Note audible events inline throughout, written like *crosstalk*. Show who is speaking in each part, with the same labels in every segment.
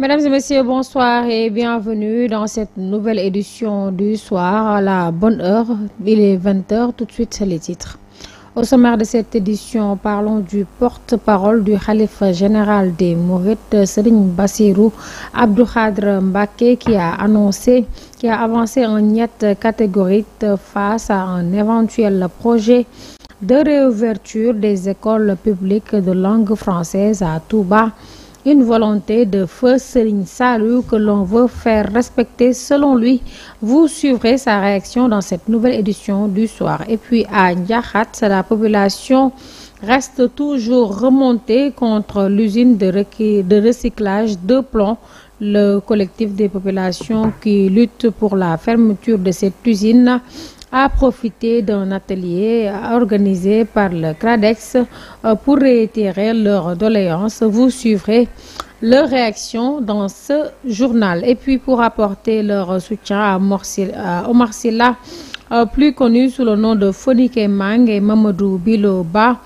Speaker 1: Mesdames et messieurs, bonsoir et bienvenue dans cette nouvelle édition du soir à la bonne heure. Il est 20h, tout de suite les titres. Au sommaire de cette édition, parlons du porte-parole du calife général des Mourites, Serine Bassirou Abdoukhadr Mbake, qui a annoncé, qui a avancé en nette catégorique face à un éventuel projet de réouverture des écoles publiques de langue française à Touba. Une volonté de feu une salut que l'on veut faire respecter selon lui. Vous suivrez sa réaction dans cette nouvelle édition du soir. Et puis à Ndiakhat, la population reste toujours remontée contre l'usine de, de recyclage de plomb le collectif des populations qui lutte pour la fermeture de cette usine a profiter d'un atelier organisé par le CRADEX euh, pour réitérer leurs doléances. Vous suivrez leurs réactions dans ce journal. Et puis pour apporter leur soutien à Omar euh, plus connu sous le nom de Fonike Mang et Mamadou Biloba,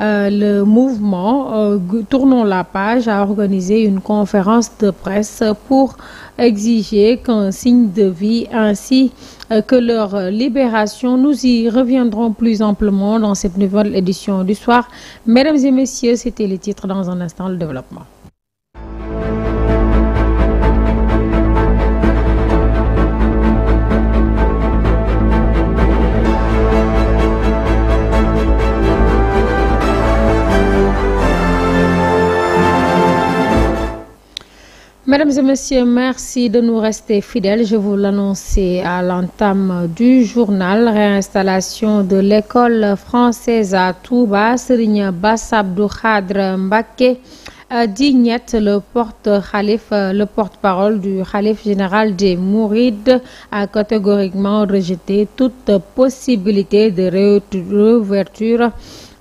Speaker 1: euh, le mouvement Tournons la page a organisé une conférence de presse pour exiger qu'un signe de vie ainsi euh, que leur libération. Nous y reviendrons plus amplement dans cette nouvelle édition du soir. Mesdames et messieurs, c'était les titres dans un instant, le développement. Mesdames et messieurs, merci de nous rester fidèles. Je vous l'annonce à l'entame du journal. Réinstallation de l'école française à Touba, Serigne Bassabdou Khadr Mbake. Euh, Dignette, le porte euh, le porte-parole du khalife général des Mourides, a catégoriquement rejeté toute possibilité de réouverture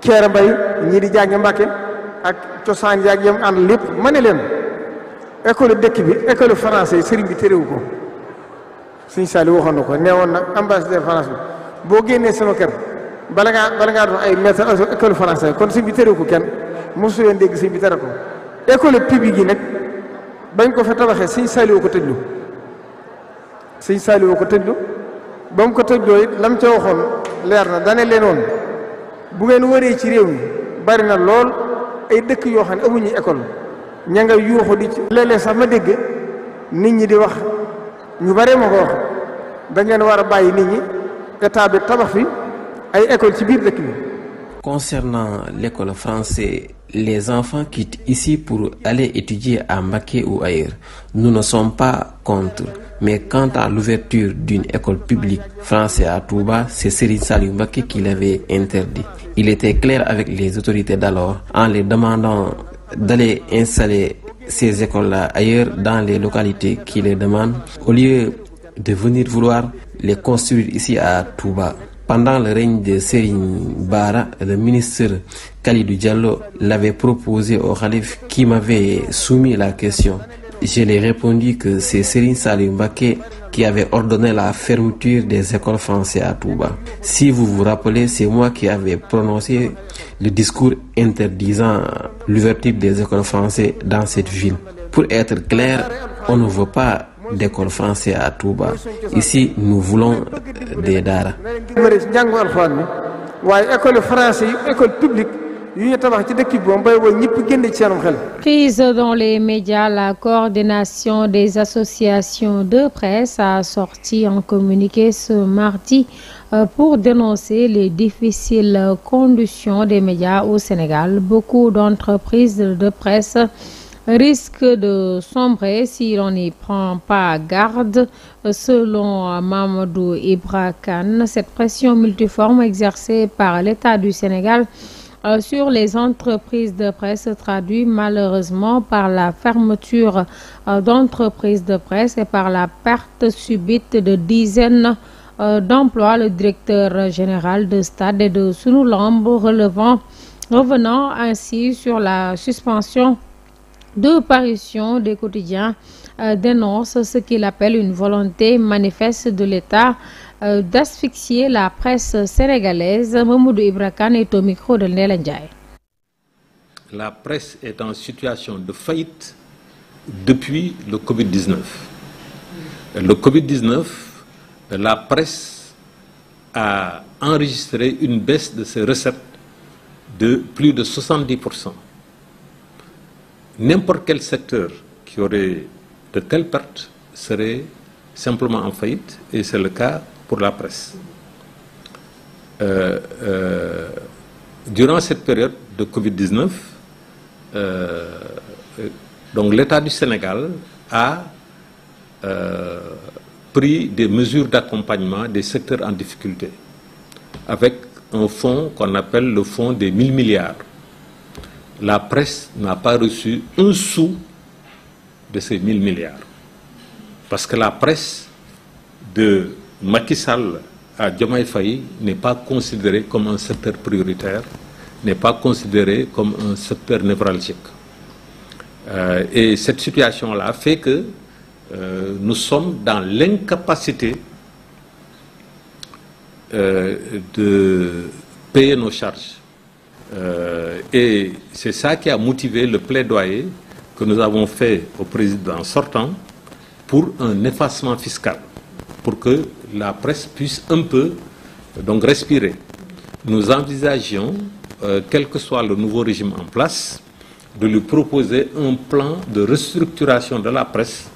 Speaker 2: Keera Mbay ñii di jàngi Mbàkke ak cosaan yaag yam am lépp ma ne leen école dëkk bi école français sëriñ bi téréwu ko suñ saali waxoon ko nee woon na ambassadeur France bi boo génnee sama kër bala ngaa bala ngaa doon ay maître école français kon sëriñ bi téréwu ko kenn mosu leen dégg sëriñ bi tere ko école publique gi nag bañ ko fa tabaxee sëñ Saliou ko tëjlu sëñ Saliou ko tëjlu ba mu ko tëjloo it lam ca waxoon leer na dane leen woon bu ngeen waree ci réew mi bari na lool ay dëkk yoo xam ne amuñu école ña nga yuuxu di ci léeg sax ma dégg nit ñi di wax ñu bare ma ko wax da war a bàyyi nit ñi état bi tabax fi ay école ci biir dëkk bi.
Speaker 3: concernant l'école française. les enfants quittent ici pour aller étudier à Maké ou ailleurs. Nous ne sommes pas contre. Mais quant à l'ouverture d'une école publique française à Touba, c'est Saliou Salimbake qui l'avait interdit. Il était clair avec les autorités d'alors en les demandant d'aller installer ces écoles-là ailleurs dans les localités qui les demandent au lieu de venir vouloir les construire ici à Touba. Pendant le règne de Serigne Bara, le ministre Khalidou Diallo l'avait proposé au Khalif qui m'avait soumis la question. Je lui ai répondu que c'est Serigne Salim Baké qui avait ordonné la fermeture des écoles françaises à Touba. Si vous vous rappelez, c'est moi qui avais prononcé le discours interdisant l'ouverture des écoles françaises dans cette ville. Pour être clair, on ne veut pas d'école française à Touba. Ici, nous voulons
Speaker 2: des dara.
Speaker 1: Prise dans les médias, la coordination des associations de presse a sorti un communiqué ce mardi euh, pour dénoncer les difficiles conditions des médias au Sénégal. Beaucoup d'entreprises de presse risque de sombrer si l'on n'y prend pas garde. Selon Mamadou Ibrakan. cette pression multiforme exercée par l'État du Sénégal euh, sur les entreprises de presse se traduit malheureusement par la fermeture euh, d'entreprises de presse et par la perte subite de dizaines euh, d'emplois. Le directeur général de Stade et de Sunulambo relevant, revenant ainsi sur la suspension deux parutions des quotidiens euh, dénoncent ce qu'il appelle une volonté manifeste de l'État euh, d'asphyxier la presse sénégalaise. Mamoudou Ibrakan est au micro de
Speaker 4: La presse est en situation de faillite depuis le Covid-19. Le Covid-19, la presse a enregistré une baisse de ses recettes de plus de 70% n'importe quel secteur qui aurait de telles pertes serait simplement en faillite, et c'est le cas pour la presse. Euh, euh, durant cette période de Covid-19, euh, l'État du Sénégal a pris des mesures d'accompagnement des secteurs en difficulté avec un fonds qu'on appelle le fonds des 1000 milliards la presse n'a pas reçu un sou de ces 1000 milliards. Parce que la presse de Macky à Diomaye n'est pas considérée comme un secteur prioritaire, n'est pas considérée comme un secteur névralgique. Euh, et cette situation-là fait que euh, nous sommes dans l'incapacité euh, de payer nos charges euh, et c'est ça qui a motivé le plaidoyer que nous avons fait au président sortant pour un effacement fiscal, pour que la presse puisse un peu donc respirer. Nous envisageons, euh, quel que soit le nouveau régime en place, de lui proposer un plan de restructuration de la presse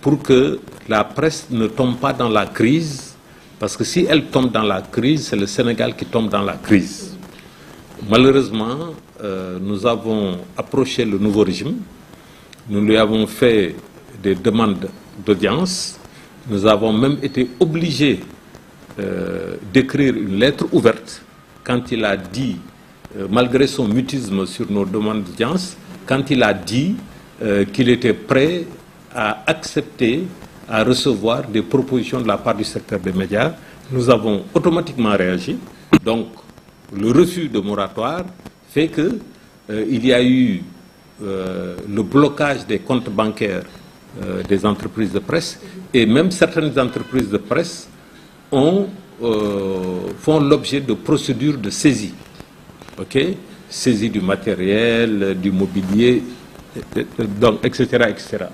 Speaker 4: pour que la presse ne tombe pas dans la crise, parce que si elle tombe dans la crise, c'est le Sénégal qui tombe dans la crise. Malheureusement, euh, nous avons approché le nouveau régime. Nous lui avons fait des demandes d'audience. Nous avons même été obligés euh, d'écrire une lettre ouverte quand il a dit, euh, malgré son mutisme sur nos demandes d'audience, quand il a dit qu'il était prêt à accepter, à recevoir des propositions de la part du secteur des médias, nous avons automatiquement réagi. Donc, le refus de moratoire fait que euh, il y a eu euh, le blocage des comptes bancaires euh, des entreprises de presse et même certaines entreprises de presse ont, font l'objet de procédures de saisie. ok Saisie du matériel, du mobilier, etc. etc.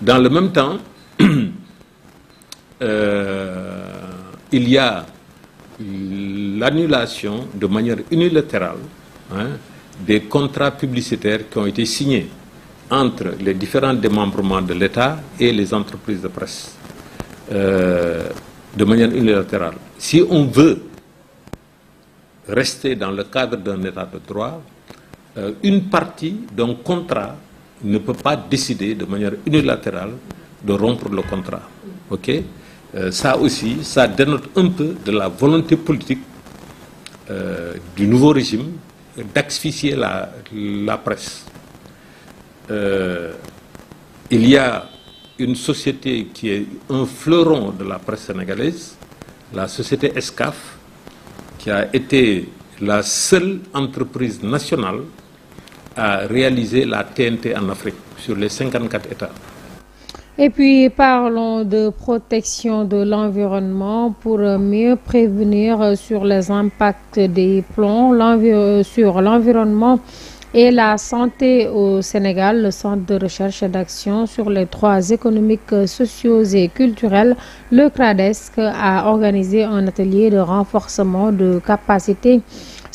Speaker 4: dans le même temps, *clears throat* il y a l'annulation de manière unilatérale hein, des contrats publicitaires qui ont été signés entre les différents démembrements de l'État et les entreprises de presse euh, de manière unilatérale. Si on veut rester dans le cadre d'un État de droit, euh, une partie d'un contrat ne peut pas décider de manière unilatérale de rompre le contrat. Euh, ça aussi, ça dénote un peu de la volonté politique euh, du nouveau régime d'asphyxier la, presse. Euh, il y a une société qui est un fleuron de la presse sénégalaise, la société ESCAF, qui a été la seule entreprise nationale à réaliser la TNT en Afrique sur les 54 États.
Speaker 1: Et puis parlons de protection de l'environnement pour mieux prévenir euh, sur les impacts des plombs euh, sur l'environnement et la santé au Sénégal. Le Centre de recherche et d'action sur les Trois économiques, euh, sociaux et culturels, le CRADESC, a organisé un atelier de renforcement de capacités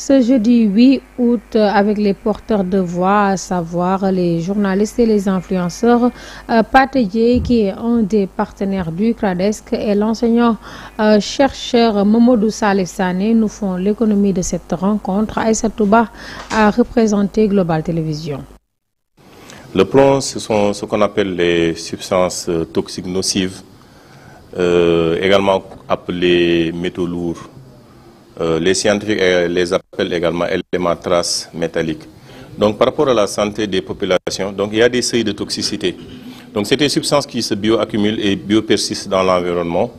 Speaker 1: ce jeudi 8 août, avec les porteurs de voix, à savoir les journalistes et les influenceurs, euh, Pateye, qui est un des partenaires du CRADESC, et l'enseignant-chercheur euh, Momodou Saleh Sané nous font l'économie de cette rencontre. Aïssa Touba a représenté Global Télévision.
Speaker 5: Le plomb, ce sont ce qu'on appelle les substances toxiques nocives, euh, également appelées métaux lourds euh, les scientifiques euh, les appellent également éléments traces métalliques. Donc par rapport à la santé des populations, donc, il y a des seuils de toxicité. Donc c'est des substances qui se bioaccumulent et biopersistent dans l'environnement,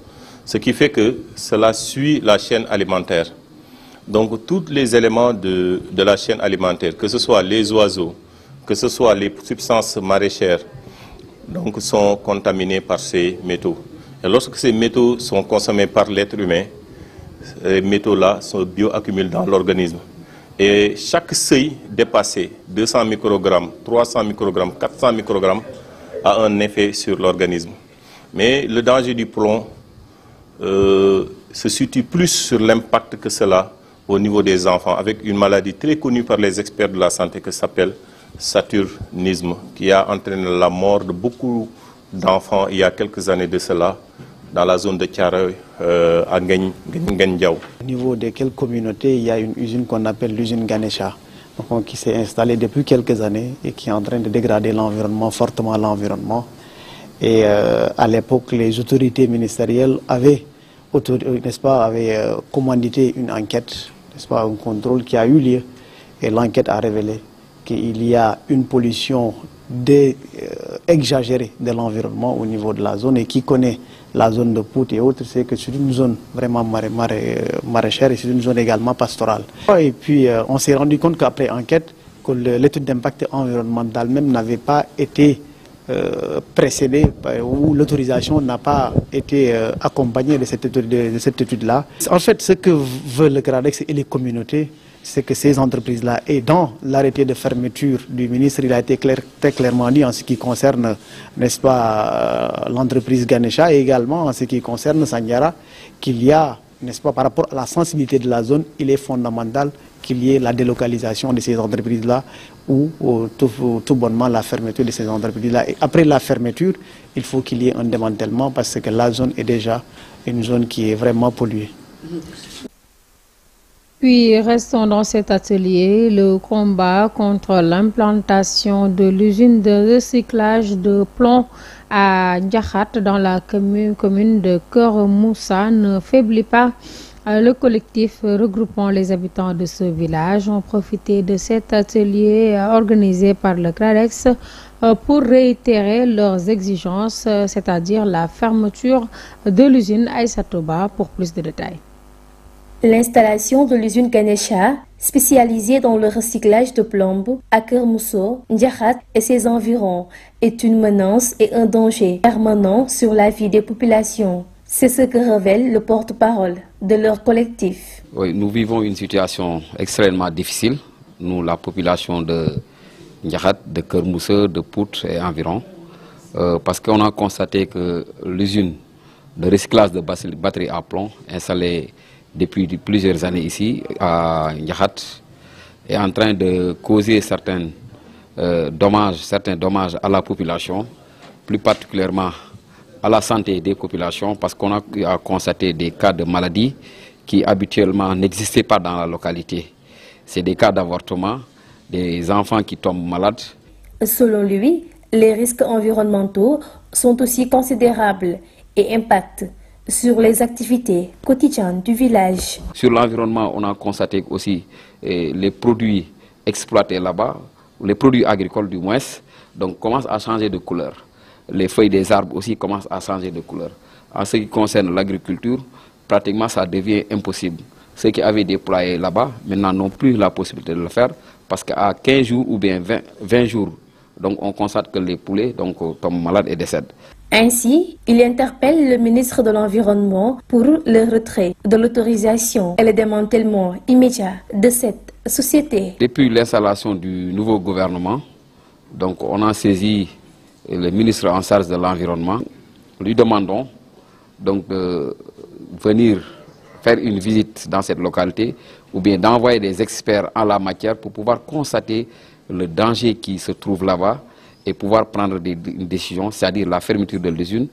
Speaker 5: ce qui fait que cela suit la chaîne alimentaire. Donc tous les éléments de, de la chaîne alimentaire, que ce soit les oiseaux, que ce soit les substances maraîchères, donc sont contaminés par ces métaux. Et lorsque ces métaux sont consommés par l'être humain, ces euh, métaux-là sont bioaccumulés dans l'organisme. Et chaque seuil dépassé, 200 microgrammes, 300 microgrammes, 400 microgrammes, a un effet sur l'organisme. Mais le danger du plomb euh, se situe plus sur l'impact que cela au niveau des enfants, avec une maladie très connue par les experts de la santé qui s'appelle saturnisme, qui a entraîné la mort de beaucoup d'enfants il y a quelques années de cela, dans la zone de Tiaroy euh, à Au
Speaker 6: niveau de quelle communauté, il y a une usine qu'on appelle l'usine Ganesha, hein, qui s'est installée depuis quelques années et qui est en train de dégrader l'environnement, fortement l'environnement. Et euh, à l'époque, les autorités ministérielles avaient, euh, n'est-ce pas, avaient euh, commandité une enquête, n'est-ce pas, un contrôle qui a eu lieu. Et l'enquête a révélé qu'il y a une pollution d'exagérer euh, de l'environnement au niveau de la zone et qui connaît la zone de Pout et autres, c'est que c'est une zone vraiment euh, maraîchère et c'est une zone également pastorale. Et puis euh, on s'est rendu compte qu'après enquête, que l'étude d'impact environnemental même n'avait pas été précédée ou l'autorisation n'a pas été accompagnée de cette, de, cette étude-là. En fait, ce que veut le CRADEX et les communautés, c'est que ces entreprises-là, et dans l'arrêté de fermeture du ministre, il a été très clairement dit en ce qui concerne, n'est-ce pas, euh, l'entreprise Ganesha et également en ce qui concerne Sanyara, qu'il y a, n'est-ce pas, par rapport à la sensibilité de la zone, il est fondamental qu'il y ait la délocalisation de ces entreprises-là ou, tout, tout, bonnement la fermeture de ces entreprises-là. Et après la fermeture, il faut qu'il y ait un démantèlement parce que la zone est déjà une zone qui est vraiment polluée. Mm-hmm.
Speaker 1: Puis restons dans cet atelier, le combat contre l'implantation de l'usine de recyclage de plomb à Djahat dans la commune, commune de Kormoussa ne faiblit pas. Euh, le collectif regroupant les habitants de ce village ont profité de cet atelier euh, organisé par le CRADEX euh, pour réitérer leurs exigences, c'est-à-dire la fermeture de l'usine Aïsatoba pour plus de détails. L'installation de l'usine Ganesha, spécialisée dans le recyclage de plomb à Kermousso, Ndjahat et ses environs, est une menace et un danger permanent sur la vie des populations. C'est ce que révèle le porte-parole de leur collectif.
Speaker 7: Oui, nous vivons une situation extrêmement difficile. Nous, la population de Ndjahat, de Kermousso, de Poutre et environ, euh, parce qu'on a constaté que l'usine de recyclage de batteries à plomb installée depuis plusieurs années ici à Ndiakhat est en train de causer euh, certains dommages à la population, plus particulièrement à la santé des populations parce qu'on a constaté des cas de maladies qui habituellement n'existaient pas dans la localité. C'est des cas d'avortement, des enfants qui tombent malades.
Speaker 1: Selon lui, les risques environnementaux sont aussi considérables et impactent sur les activités quotidiennes du village.
Speaker 7: Sur l'environnement, on a constaté aussi eh, les produits exploités là-bas, les produits agricoles du moins, donc commencent à changer de couleur. Les feuilles des arbres aussi commencent à changer de couleur. En ce qui concerne l'agriculture, pratiquement ça devient impossible. Ceux qui avaient déployé là-bas, maintenant n'ont plus la possibilité de le faire parce qu'à 15 jours ou bien 20, jours, on constate que les poulets donc, euh, tombent malades et décèdent.
Speaker 1: Ainsi, il interpelle le ministre de l'Environnement pour le retrait de l'autorisation et le démantèlement immédiat de cette société.
Speaker 7: Depuis l'installation du nouveau gouvernement, donc on a saisi le ministre en charge de l'Environnement. Lui demandons donc de venir faire une visite dans cette localité ou bien d'envoyer des experts en la matière pour pouvoir constater le danger qui se trouve là-bas et pouvoir prendre des, décisions, c'est-à-dire la fermeture de l'usine,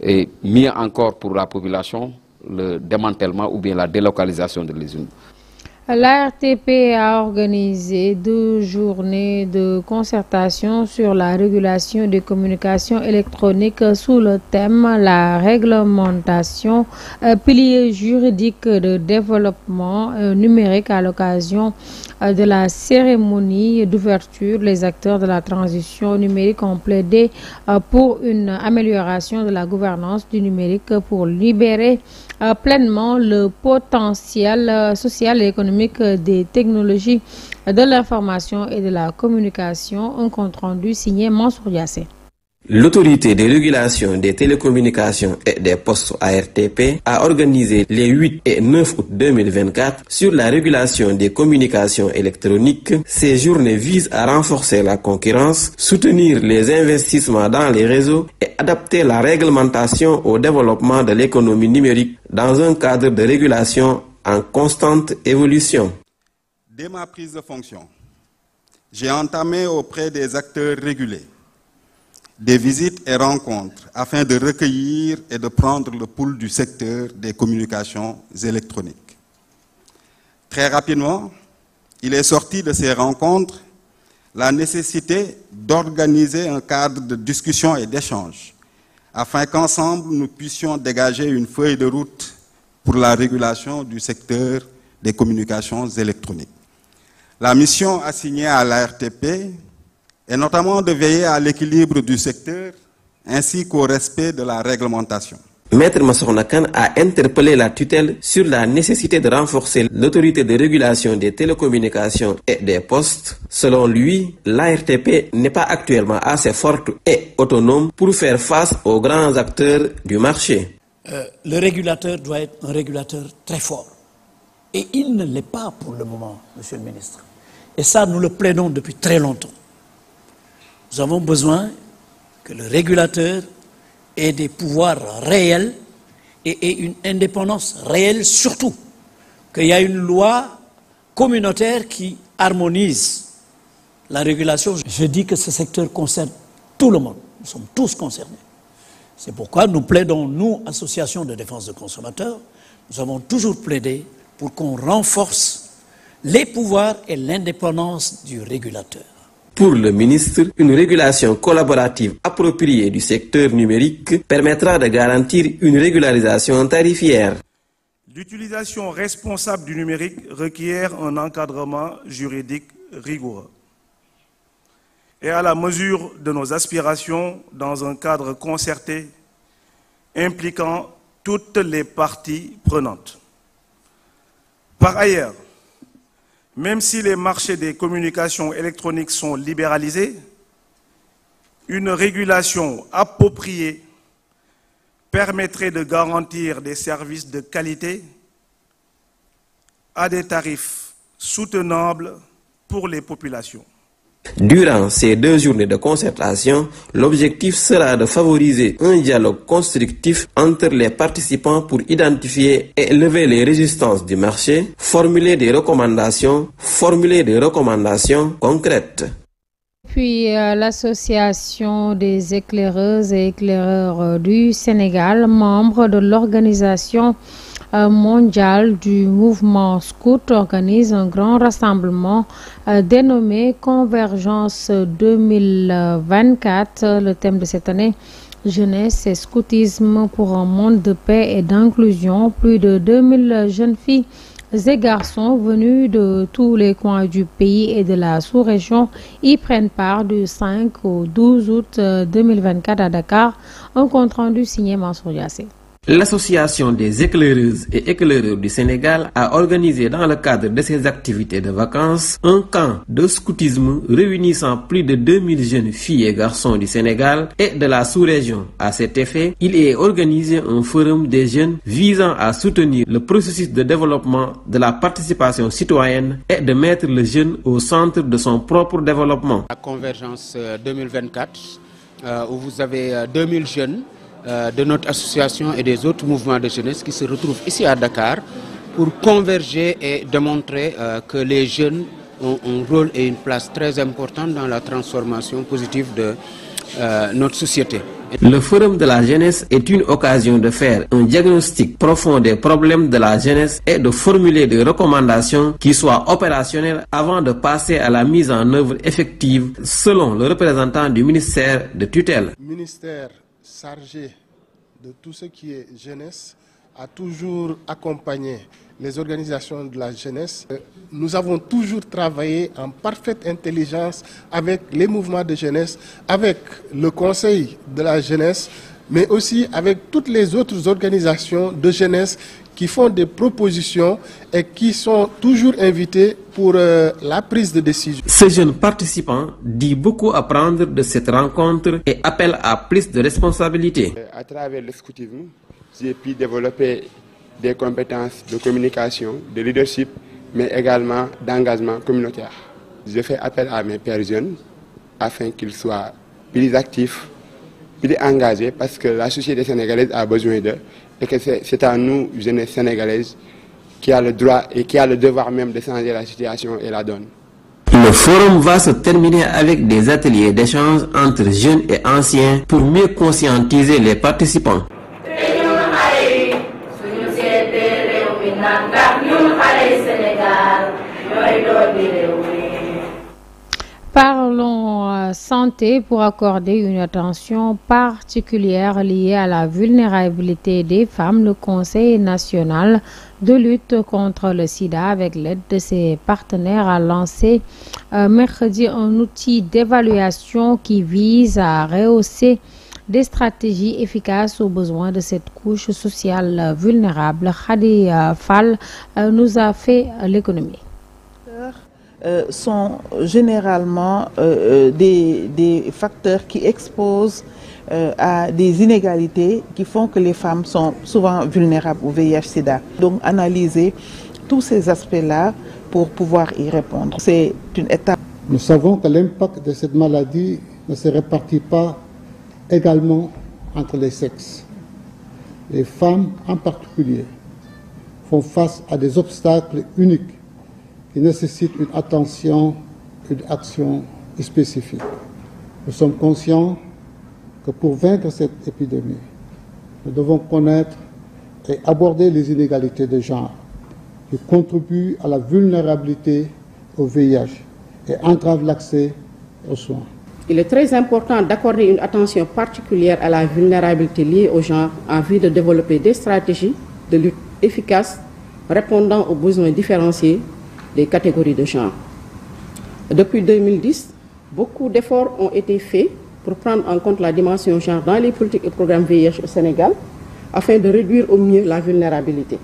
Speaker 7: et mieux encore pour la population, le démantèlement ou bien la délocalisation de l'usine.
Speaker 1: La RTP a organisé deux journées de concertation sur la régulation des communications électroniques sous le thème La réglementation, euh, pilier juridique de développement euh, numérique à l'occasion euh, de la cérémonie d'ouverture. Les acteurs de la transition numérique ont plaidé pour une amélioration de la gouvernance du numérique pour libérer euh, pleinement le potentiel euh, social et économique des technologies de l'information et de la communication. Un compte rendu signé Mansour
Speaker 3: L'autorité de régulation des télécommunications et des postes ARTP a organisé les 8 et 9 août 2024 sur la régulation des communications électroniques. Ces journées visent à renforcer la concurrence, soutenir les investissements dans les réseaux et adapter la réglementation au développement de l'économie numérique dans un cadre de régulation en constante évolution. Dès ma prise de fonction, j'ai entamé auprès des acteurs régulés des visites et rencontres afin de recueillir et de prendre le pouls du secteur des communications électroniques. Très rapidement, il est sorti de ces rencontres la nécessité d'organiser un cadre de discussion et d'échange afin qu'ensemble nous puissions dégager une feuille de route pour la régulation du secteur des communications électroniques. La mission assignée à l'ARTP et notamment de veiller à l'équilibre du secteur ainsi qu'au respect de la réglementation. Maître Massornakan a interpellé la tutelle sur la nécessité de renforcer l'autorité de régulation des télécommunications et des postes. Selon lui, l'ARTP n'est pas actuellement assez forte et autonome pour faire face aux grands acteurs du marché.
Speaker 6: Euh, le régulateur doit être un régulateur très fort. Et il ne l'est pas pour le moment, Monsieur le ministre. Et ça, nous le plaidons depuis très longtemps. Nous avons besoin que le régulateur ait des pouvoirs réels et ait une indépendance réelle surtout, qu'il y ait une loi communautaire qui harmonise la régulation. Je dis que ce secteur concerne tout le monde, nous sommes tous concernés. C'est pourquoi nous plaidons, nous, associations de défense de consommateurs, nous avons toujours plaidé pour qu'on renforce les pouvoirs et l'indépendance du régulateur.
Speaker 3: Pour le ministre, une régulation collaborative appropriée du secteur numérique permettra de garantir une régularisation tarifière.
Speaker 6: L'utilisation responsable du numérique requiert un encadrement juridique rigoureux et à la mesure de nos aspirations dans un cadre concerté impliquant toutes les parties prenantes. Par ailleurs, même si les marchés des communications électroniques sont libéralisés, une régulation appropriée permettrait de garantir des services de qualité à des tarifs soutenables pour les populations.
Speaker 3: Durant ces deux journées de concertation, l'objectif sera de favoriser un dialogue constructif entre les participants pour identifier et lever les résistances du marché, formuler des recommandations, formuler des recommandations concrètes.
Speaker 1: Puis euh, l'association des éclaireuses et éclaireurs du Sénégal, membre de l'organisation euh, mondial du mouvement scout organise un grand rassemblement euh, dénommé Convergence 2024. Le thème de cette année Jeunesse et scoutisme pour un monde de paix et d'inclusion. Plus de 2000 jeunes filles et garçons venus de tous les coins du pays et de la sous-région y prennent part du 5 au 12 août 2024 euh, à Dakar. Un compte rendu signé Mansour
Speaker 3: L'association des éclaireuses et éclaireurs du Sénégal a organisé dans le cadre de ses activités de vacances un camp de scoutisme réunissant plus de 2000 jeunes filles et garçons du Sénégal et de la sous-région. À cet effet, il est organisé un forum des jeunes visant à soutenir le processus de développement de la participation citoyenne et de mettre le jeune au centre de son propre développement.
Speaker 7: La convergence 2024, euh, euh, où vous avez 2000 euh, jeunes euh, de notre association et des autres mouvements de jeunesse qui se retrouvent ici à Dakar pour converger et démontrer euh, que les jeunes ont un rôle et une place très importante dans la transformation positive de euh, notre société. Le
Speaker 3: Forum de la jeunesse est une occasion de faire un diagnostic profond des problèmes de la jeunesse et de formuler des recommandations qui soient opérationnelles avant de passer à la mise en œuvre effective selon le représentant du ministère de tutelle
Speaker 5: chargé de tout ce qui est jeunesse, a toujours accompagné les organisations de la jeunesse. Euh, nous avons toujours travaillé en parfaite intelligence avec les mouvements de jeunesse, avec le Conseil de la jeunesse, mais aussi avec toutes les autres organisations de jeunesse qui font des propositions et qui sont toujours invitées pour euh, la prise de décision.
Speaker 3: Ces jeunes participants dit beaucoup à prendre de cette rencontre et appellent à plus de responsabilités. Euh,
Speaker 8: à travers le scoutisme, j'ai pu développer des compétences de communication, de leadership, mais également d'engagement communautaire. Je fais appel à mes pères jeunes afin qu'ils soient plus actifs, plus engagés, parce que la société sénégalaise a besoin d'eux et que c'est à nous, jeunes sénégalaises, qui a le droit et qui a le devoir même de changer la situation et la donne.
Speaker 3: Le forum va se terminer avec des ateliers d'échange entre jeunes et anciens pour mieux conscientiser les participants.
Speaker 1: Parlons santé pour accorder une attention particulière liée à la vulnérabilité des femmes, le Conseil national de lutte contre le sida avec l'aide de ses partenaires a lancé euh, mercredi un outil d'évaluation qui vise à rehausser des stratégies efficaces aux besoins de cette couche sociale vulnérable. Khadi Fall euh, nous a fait l'économie.
Speaker 6: Euh,
Speaker 3: sont généralement euh, euh, des, facteurs qui exposent à des inégalités qui font que les femmes sont souvent vulnérables au VIH-Sida.
Speaker 6: Donc analyser tous ces aspects-là pour pouvoir y répondre. C'est une étape. Nous savons que l'impact de cette maladie ne se répartit pas également entre les sexes. Les femmes en particulier font face à des obstacles uniques il nécessite une attention, une action spécifique. Nous sommes conscients que pour vaincre cette épidémie, nous devons connaître et aborder les inégalités de genre qui contribuent à la vulnérabilité au VIH et entravent l'accès aux soins.
Speaker 9: Il est très important d'accorder une attention particulière à la vulnérabilité liée au genre en vue de développer des stratégies de lutte efficaces répondant aux besoins différenciés des catégories de genre. Depuis 2010, beaucoup d'efforts ont été faits pour prendre en compte la dimension genre dans les politiques et programmes VIH au Sénégal, afin de réduire au mieux la vulnérabilité.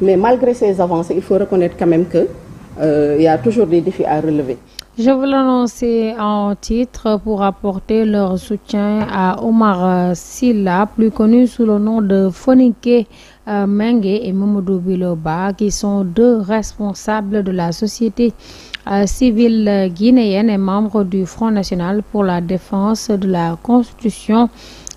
Speaker 9: Mais malgré ces avancées, il faut reconnaître quand même qu'il euh, y a toujours des défis à relever.
Speaker 1: Je vous l'annoncer en titre pour apporter leur soutien à Omar Silla, plus connu sous le nom de Fonike euh, Menge et Momodou Biloba, qui sont deux responsables de la société euh, civile guinéenne et membres du Front national pour la défense de la Constitution.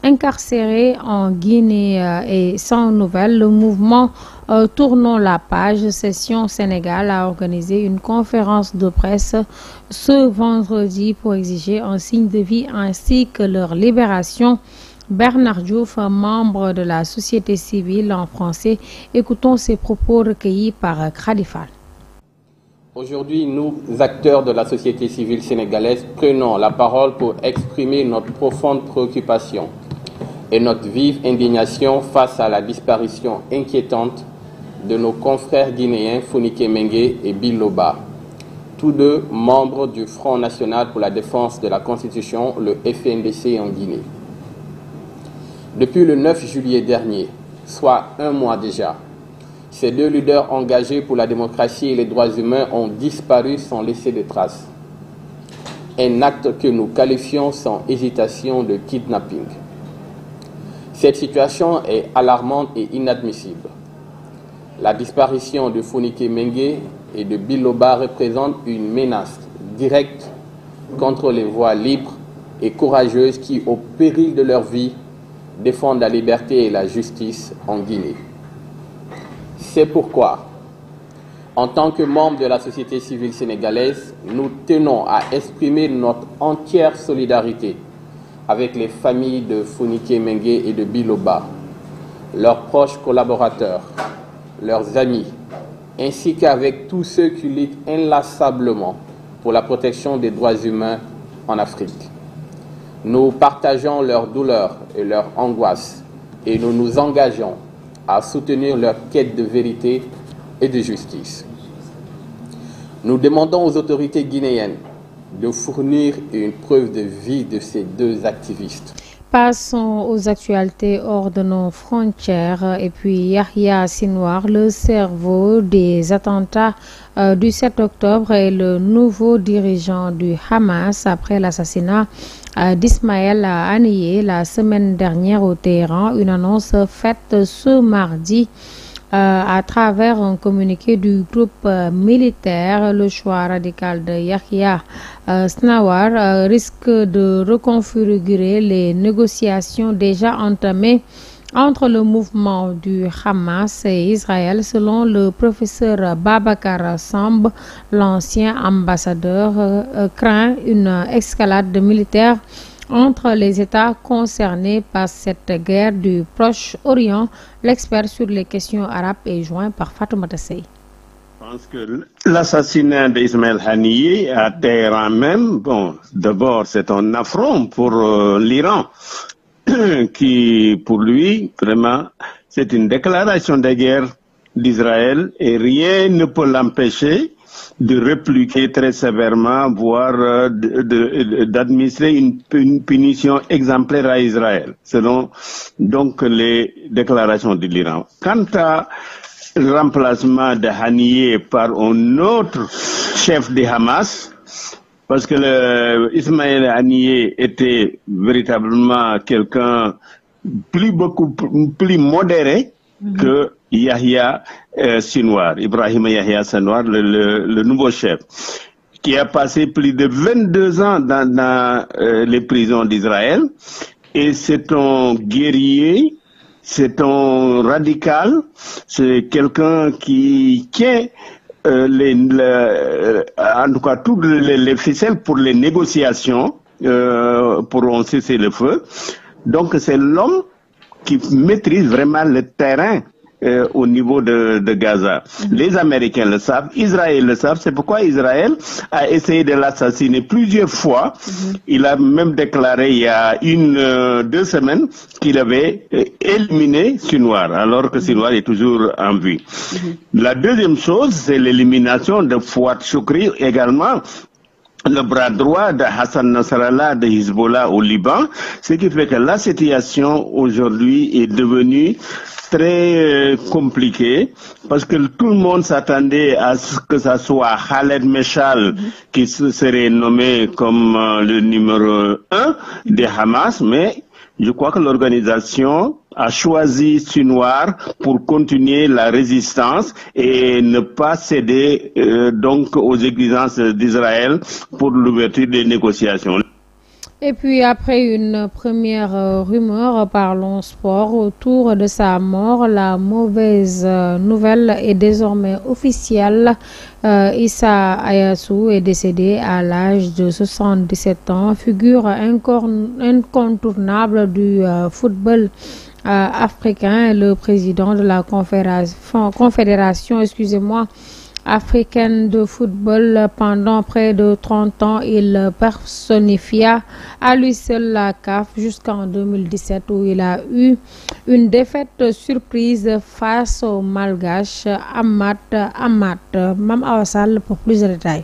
Speaker 1: Incarcérés en Guinée euh, et sans nouvelles, le mouvement euh, Tournons la page, Session Sénégal a organisé une conférence de presse ce vendredi pour exiger un signe de vie ainsi que leur libération. Bernard Diouf, membre de la société civile en français, écoutons ses propos recueillis par Kradifal.
Speaker 8: Aujourd'hui, nous, acteurs de la société civile sénégalaise, prenons la parole pour exprimer notre profonde préoccupation et notre vive indignation face à la disparition inquiétante de nos confrères guinéens Founike Mengue et Bill Loba, tous deux membres du Front National pour la Défense de la Constitution, le FNDC en Guinée. Depuis le 9 juillet dernier, soit un mois déjà, ces deux leaders engagés pour la démocratie et les droits humains ont disparu sans laisser de traces. Un acte que nous qualifions sans hésitation de kidnapping. Cette situation est alarmante et inadmissible. La disparition de Founike Mengue et de Biloba représente une menace directe contre les voix libres et courageuses qui, au péril de leur vie, défendent la liberté et la justice en Guinée. C'est pourquoi, en tant que membre de la société civile sénégalaise, nous tenons à exprimer notre entière solidarité avec les familles de Founike Mengue et de Biloba, leurs proches collaborateurs, leurs amis, ainsi qu'avec tous ceux qui luttent inlassablement pour la protection des droits humains en Afrique. Nous partageons leurs douleurs et leurs angoisses et nous nous engageons à soutenir leur quête de vérité et de justice. Nous demandons aux autorités guinéennes de fournir une preuve de vie de ces deux activistes.
Speaker 1: Passons aux actualités hors de nos frontières. Et puis, Yahya Sinoir, le cerveau des attentats euh, du 7 octobre, et le nouveau dirigeant du Hamas après l'assassinat euh, d'Ismaël la semaine dernière au Téhéran. Une annonce faite ce mardi. Euh, à travers un communiqué du groupe euh, militaire, le choix radical de Yahya euh, Snawar risque de reconfigurer les négociations déjà entamées entre le mouvement du Hamas et Israël, selon le professeur Babakar Samb, l'ancien ambassadeur, craint une escalade militaire entre les États concernés par cette guerre du Proche-Orient. L'expert sur les questions arabes est joint par Fatoumata Sey.
Speaker 10: Je pense que l'assassinat d'Ismaël Haniyeh à Téhéran même, bon, d'abord c'est un affront pour euh, l'Iran, *clears throat* qui pour lui, vraiment, c'est une déclaration de guerre d'Israël et rien ne peut l'empêcher de répliquer très sévèrement, voire euh, d'administrer une, punition exemplaire à Israël, selon donc les déclarations de l'Iran. Quant à remplacement de Haniyeh par un autre chef de Hamas, parce que le Ismaël Haniyeh était véritablement quelqu'un plus beaucoup plus modéré mm-hmm. que Yahya euh, Ibrahim Yahya Sinoir, le, le, nouveau chef, qui a passé plus de 22 ans dans, euh, les prisons d'Israël. Et c'est un guerrier, c'est un radical, c'est quelqu'un qui tient euh, les, le, euh, en tout cas toutes les, ficelles pour les négociations, euh, pour en cesser le feu Donc c'est l'homme qui maîtrise vraiment le terrain euh, au niveau de, de Gaza. Mhm. Les Américains le savent, Israël le savent, c'est pourquoi Israël a essayé de l'assassiner plusieurs fois. Mhm. Il a même déclaré il y a une, euh, deux semaines qu'il avait euh, éliminé Sinoir, alors que Sinoir est toujours en vie. Mhm. La deuxième chose, c'est l'élimination de Fouad Choukri également, le bras droit de Hassan Nasrallah de Hezbollah au Liban, ce qui fait que la situation aujourd'hui est devenue très euh, compliqué parce que tout le monde s'attendait à ce que ça soit Khaled Meshal mhm. qui serait nommé comme euh, le numéro un des Hamas, mais je crois que l'organisation a choisi noir pour continuer la résistance et ne pas céder euh, donc aux exigences d'Israël pour l'ouverture des négociations.
Speaker 1: Et puis après une première euh, rumeur, parlons sport, autour de sa mort, la mauvaise euh, nouvelle est désormais officielle. Euh, Issa Ayasu est décédé à l'âge de 77 ans, figure incontournable du football. africain, le président de la confédération excusez-moi, africaine de football pendant près de 30 ans. Il personnifia à lui seul la CAF jusqu'en 2017 où il a eu une défaite surprise face au Malgache Amat Amat. Mam pour plus de détails.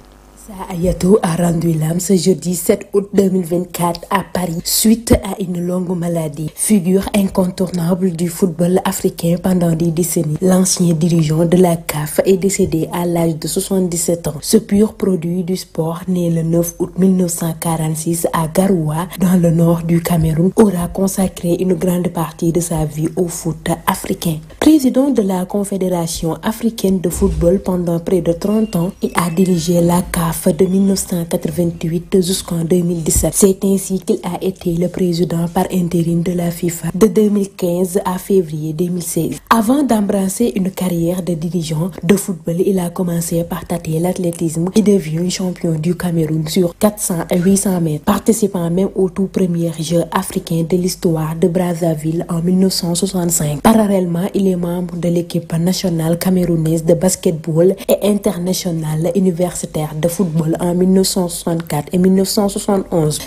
Speaker 9: Ayato a rendu l'âme ce jeudi 7 août 2024 à Paris suite à une longue maladie. Figure incontournable du football africain pendant des décennies, l'ancien dirigeant de la CAF est décédé à l'âge de 77 ans. Ce pur produit du sport, né le 9 août 1946 à Garoua, dans le nord du Cameroun, aura consacré une grande partie de sa vie au foot africain. Président de la Confédération africaine de football pendant près de 30 ans, il a dirigé la CAF de 1988 jusqu'en 2017. C'est ainsi qu'il a été le président par intérim de la FIFA de 2015 à février 2016. Avant d'embrasser une carrière de dirigeant de football, il a commencé par tâter l'athlétisme et devient champion du Cameroun sur 400 et 800 mètres, participant même au tout premier jeu africain de l'histoire de Brazzaville en 1965. Parallèlement, il est membre de l'équipe nationale camerounaise de basketball et internationale universitaire de football en 1964 et 1971.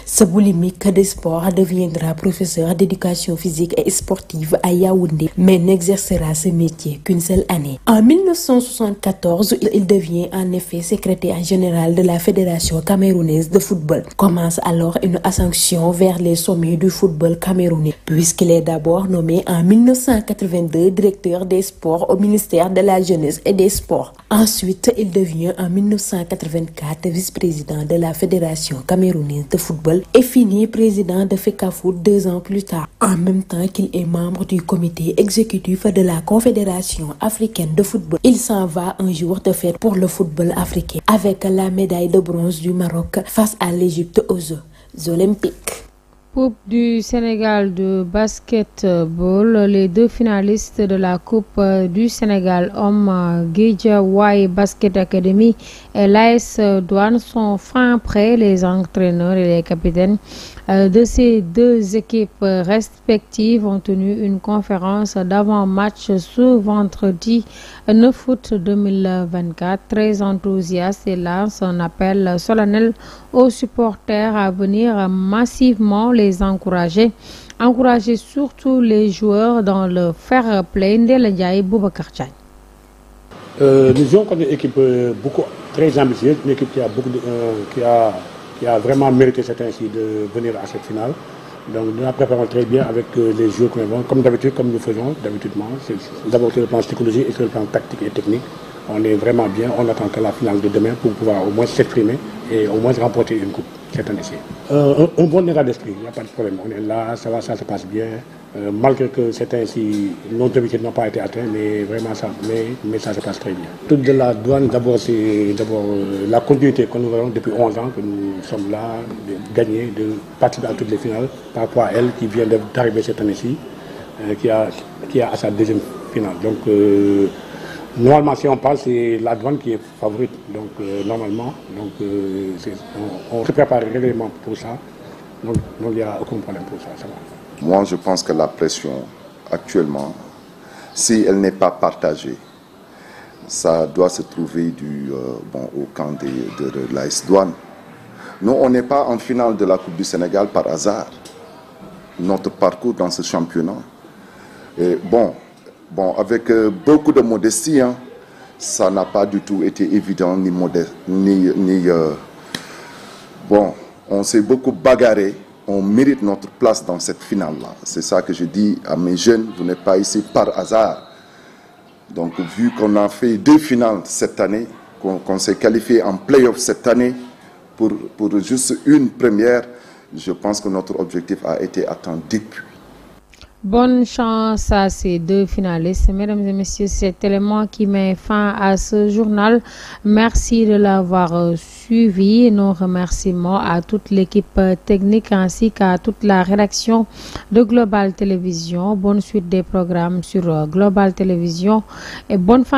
Speaker 9: des sports deviendra professeur d'éducation physique et sportive à Yaoundé, mais n'exercera ce métier qu'une seule année. En 1974, il devient en effet secrétaire général de la Fédération camerounaise de football. Commence alors une ascension vers les sommets du football camerounais, puisqu'il est d'abord nommé en 1982 directeur des sports au ministère de la Jeunesse et des Sports. Ensuite, il devient en 1984 vice-président de la Fédération camerounaise de football, et fini président de FECAFOOT deux ans plus tard, en même temps qu'il est membre du comité exécutif de la Confédération africaine de football. Il s'en va un jour de fête pour le football africain avec la médaille de bronze du Maroc face à l'Égypte aux Olympiques.
Speaker 1: Coupe du Sénégal de basketball, les deux finalistes de la Coupe du Sénégal, Homme Wai Basket Academy et l'AS Douane, sont fin prêts. Les entraîneurs et les capitaines euh, de ces deux équipes respectives ont tenu une conférence d'avant-match ce vendredi 9 août 2024. Très enthousiaste et lance un appel solennel aux supporters à venir massivement les encourager. Encourager surtout les joueurs dans le fair play de Boubacar
Speaker 11: euh, nous avons une équipe euh, beaucoup, très ambitieuse, une équipe qui a qui a vraiment mérité cet ainsi de venir à cette finale. Donc nous la préparons très bien avec euh, les jeux que nous avons, comme d'habitude, comme nous faisons d'habitude. D'abord sur le plan psychologique et sur le plan tactique et technique. On est vraiment bien, on attend que la finale de demain pour pouvoir au moins s'exprimer et au moins remporter une coupe cette année-ci. Euh, un, bon état d'esprit, il n'y a pas de problème. On est là, ça va, ça se passe bien. Euh, malgré que certains ainsi, notre n'a pas été atteint, mais vraiment ça, mais, mais ça se passe très bien. Toute de la douane, d'abord, c'est d'abord euh, la continuité que nous avons depuis 11 ans, que nous sommes là, de gagner, de participer dans toutes les finales, par rapport elle qui vient d'arriver cette année-ci, euh, qui, a, qui à sa deuxième finale. Donc, normalement, si on parle, c'est la douane qui est favorite, donc normalement, donc, on, on, se prépare régulièrement pour ça, donc il n'y a aucun problème pour ça, ça va.
Speaker 5: Moi, je pense que la pression actuellement, si elle n'est pas partagée, ça doit se trouver du, euh, bon, au camp de, de la douane Nous, on n'est pas en finale de la Coupe du Sénégal par hasard. Notre parcours dans ce championnat. Et bon, bon, avec euh, beaucoup de modestie, hein, ça n'a pas du tout été évident ni ni, euh, bon. On s'est beaucoup bagarré on mérite notre place dans cette finale-là. C'est ça que je dis à mes jeunes, vous n'êtes pas ici par hasard. Donc vu qu'on a fait deux finales cette année, qu'on s'est qualifié en play cette année pour, pour juste une première, je pense que notre objectif a été atteint depuis.
Speaker 1: Bonne chance à ces deux finalistes. Mesdames et messieurs, c'est tellement qui met fin à ce journal. Merci de l'avoir euh, suivi. Nos remerciements à toute l'équipe euh, technique ainsi qu'à toute la rédaction de Global Télévision. Bonne suite des programmes sur euh, Global Télévision et bonne fin.